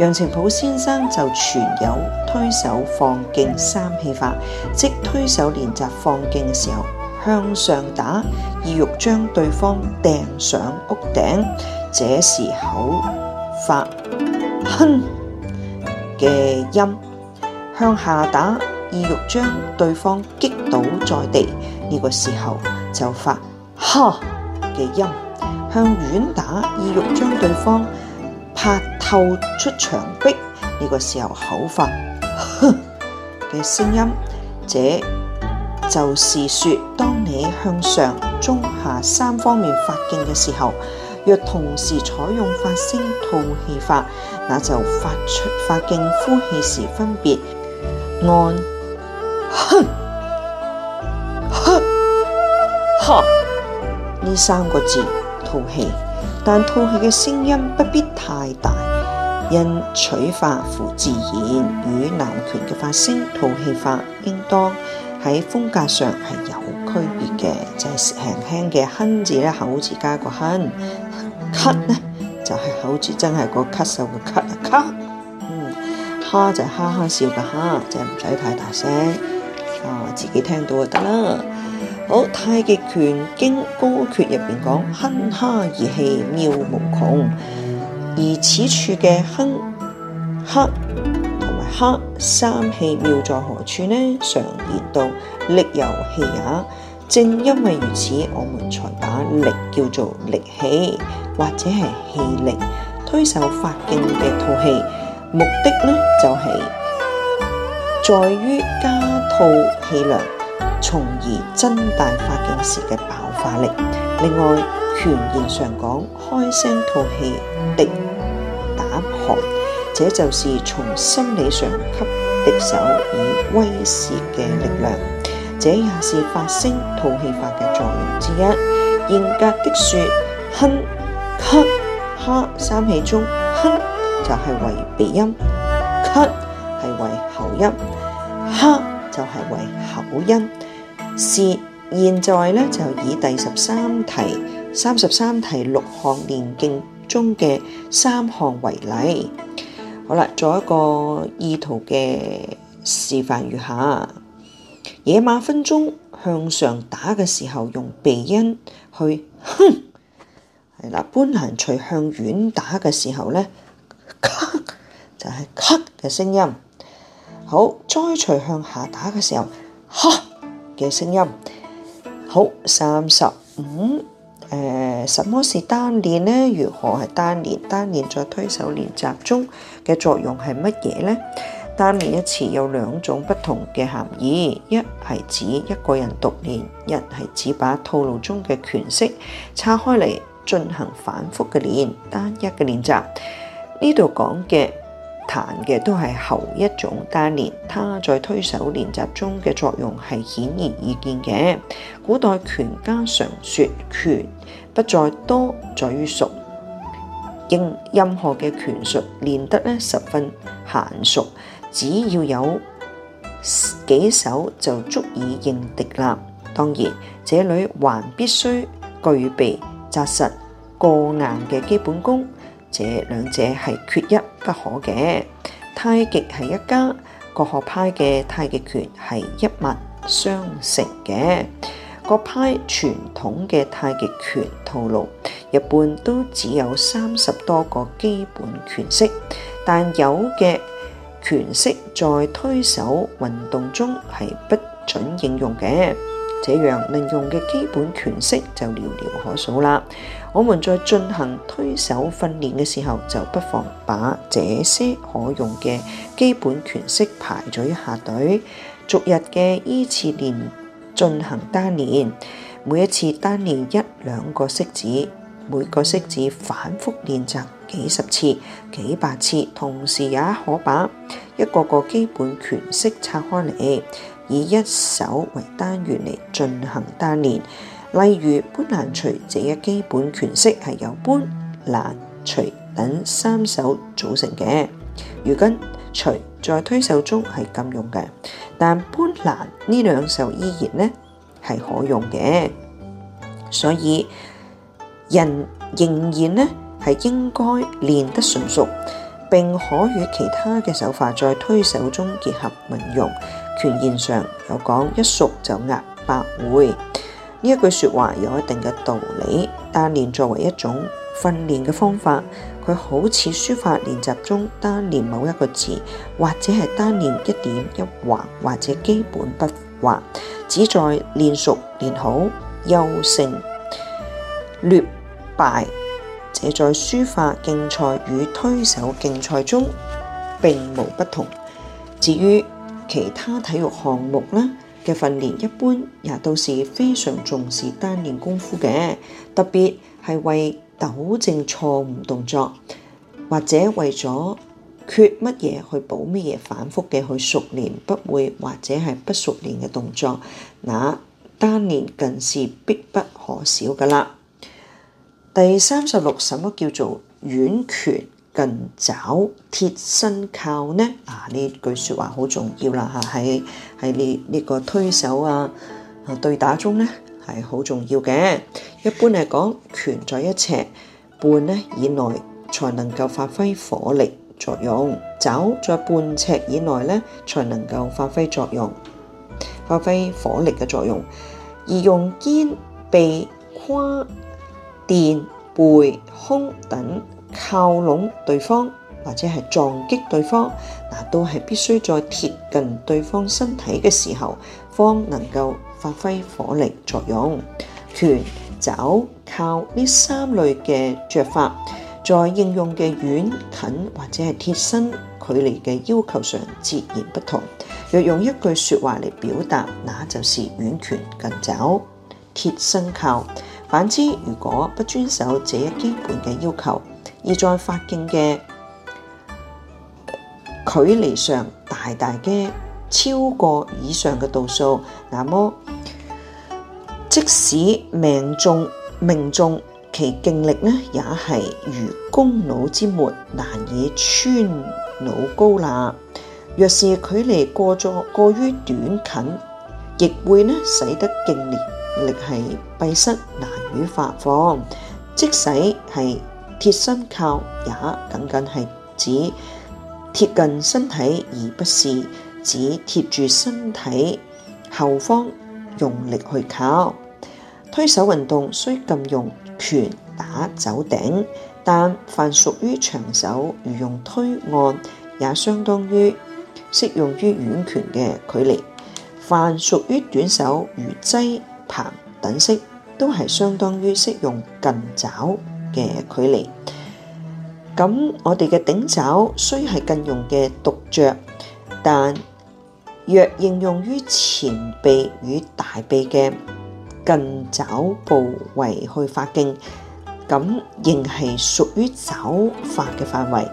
楊澄甫先生就全有推手放勁三氣法，即推手練習放勁嘅時候向上打，意欲將對方掟上屋頂，這時候口發哼嘅音；向下打，意欲將對方擊倒在地，呢個時候就發哈嘅音；向遠打，意欲將對方拍。透出牆壁呢，這個時候口發哼嘅聲音，這就是說，當你向上、中、下三方面發勁嘅時候，若同時採用發聲吐氣法，那就發出發勁呼氣時分別按，哼，哼，哈呢三個字吐氣，但吐氣嘅聲音不必太大。因取法乎自然，與南拳嘅發聲吐氣法，應當喺風格上係有區別嘅。就係輕輕嘅哼字咧，口字加個哼，咳呢，就係、是、口字真係個咳嗽嘅咳啊咳。嗯，哈就哈哈笑嘅哈，就係唔使太大聲啊，自己聽到就得啦。好，太極拳經歌訣入邊講，哼哈二氣妙無窮。而此處嘅「哼」、「克同埋克三氣妙在何處呢？常言道：力由氣也。正因為如此，我們才把力叫做力氣，或者係氣力。推手發勁嘅吐氣，目的呢就係、是、在於加吐氣量，從而增大發勁時嘅爆發力。另外，拳言上講：開聲吐氣。這就是從心理上給敵手以威懾嘅力量，這也是發聲吐氣法嘅作用之一。嚴格地說，哼、咳、哈三氣中，哼就係、是、為鼻音，咳係為喉音，哈就係、是、為口音。就是為音現在咧就以第十三題、三十三題六項練勁。中嘅三項為例，好啦，做一個意圖嘅示範如下：野馬分鬃向上打嘅時候，用鼻音去哼；係啦，搬攔捶向遠打嘅時候咧，就係、是、咳嘅聲音。好，栽捶向下打嘅時候，哈嘅聲音。好，三十五，誒。什麼是單練呢？如何係單練？單練在推手練習中嘅作用係乜嘢呢？單練一詞有兩種不同嘅含義，一係指一個人獨練，一係指把套路中嘅拳式拆開嚟進行反覆嘅練，單一嘅練習。呢度講嘅。彈嘅都係後一種單練，他在推手練習中嘅作用係顯而易見嘅。古代拳家常說拳不在多，在於熟。應任何嘅拳術練得咧十分嫻熟，只要有幾手就足以應敵啦。當然，這裏還必須具備扎實過硬嘅基本功，這兩者係缺一不可嘅，太極係一家各學派嘅太極拳係一脈相承嘅，各派傳統嘅太極拳套路一般都只有三十多個基本拳式，但有嘅拳式在推手運動中係不准應用嘅。這樣能用嘅基本拳式就寥寥可數啦。我們在進行推手訓練嘅時候，就不妨把這些可用嘅基本拳式排咗一下隊，逐日嘅依次練進行單練，每一次單練一兩個式子，每個式子反覆練習幾十次、幾百次，同時也可把一個個基本拳式拆開嚟。以一手為單元嚟進行單練，例如搬攔捶這一基本拳式係由搬、攔、捶等三手組成嘅。如今捶在推手中係禁用嘅，但搬攔呢兩手依然呢係可用嘅，所以人仍然呢係應該練得純熟，並可與其他嘅手法在推手中結合運用。拳諺上有講，一熟就壓百會，呢一句說話有一定嘅道理。單練作為一種訓練嘅方法，佢好似書法練習中單練某一個字，或者係單練一點一畫，或者基本不畫，只在練熟練好優勝劣敗。這在書法競賽與推手競賽中並無不同。至於，其他體育項目咧嘅訓練，一般也都是非常重視單練功夫嘅，特別係為糾正錯誤動作，或者為咗缺乜嘢去補乜嘢，反覆嘅去熟練不會或者係不熟練嘅動作，那單練更是必不可少㗎喇。第三十六，什麼叫做軟拳？近肘貼身靠呢？啊，呢句說話好重要啦！吓，喺喺呢呢個推手啊啊對打中呢，係好重要嘅。一般嚟講，拳在一尺半呢以內，才能夠發揮火力作用；肘在半尺以內呢，才能夠發揮作用，發揮火力嘅作用。而用肩、臂、胯、墊、背、胸等。靠攏對方或者係撞擊對方，嗱都係必須在貼近對方身體嘅時候，方能夠發揮火力作用。拳、肘、靠呢三類嘅着法，在應用嘅遠近或者係貼身距離嘅要求上截然不同。若用一句說話嚟表達，那就是遠拳、近肘、貼身靠。反之，如果不遵守這一基本嘅要求，而在發勁嘅距離上大大嘅超過以上嘅度數，那麼即使命中命中其勁力呢，也係如弓弩之末，難以穿魯縞啦。若是距離過咗過於短近，亦會呢使得勁力力係閉塞，難以發放。即使係。貼身靠也僅僅係指貼近身體，而不是指貼住身體後方用力去靠。推手運動雖禁用拳打走頂，但凡屬於長手如用推按，也相當於適用於遠拳嘅距離；凡屬於短手如擠、掤等式，都係相當於適用近爪。嘅距離，咁我哋嘅頂爪雖係禁用嘅獨著，但若應用於前臂與大臂嘅近爪部位去發勁，咁仍係屬於爪法嘅範圍，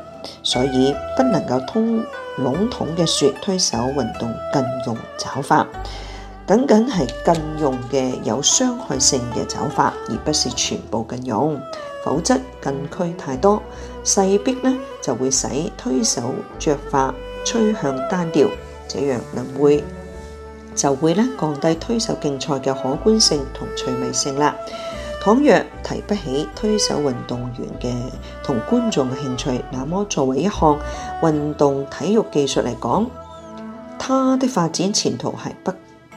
所以不能夠通籠統嘅説推手運動禁用爪法。僅僅係禁用嘅有傷害性嘅走法，而不是全部禁用，否則禁區太多，勢必呢就會使推手著法趨向單調，這樣能會就會呢降低推手競賽嘅可觀性同趣味性啦。倘若提不起推手運動員嘅同觀眾嘅興趣，那麼作為一項運動體育技術嚟講，它嘅發展前途係不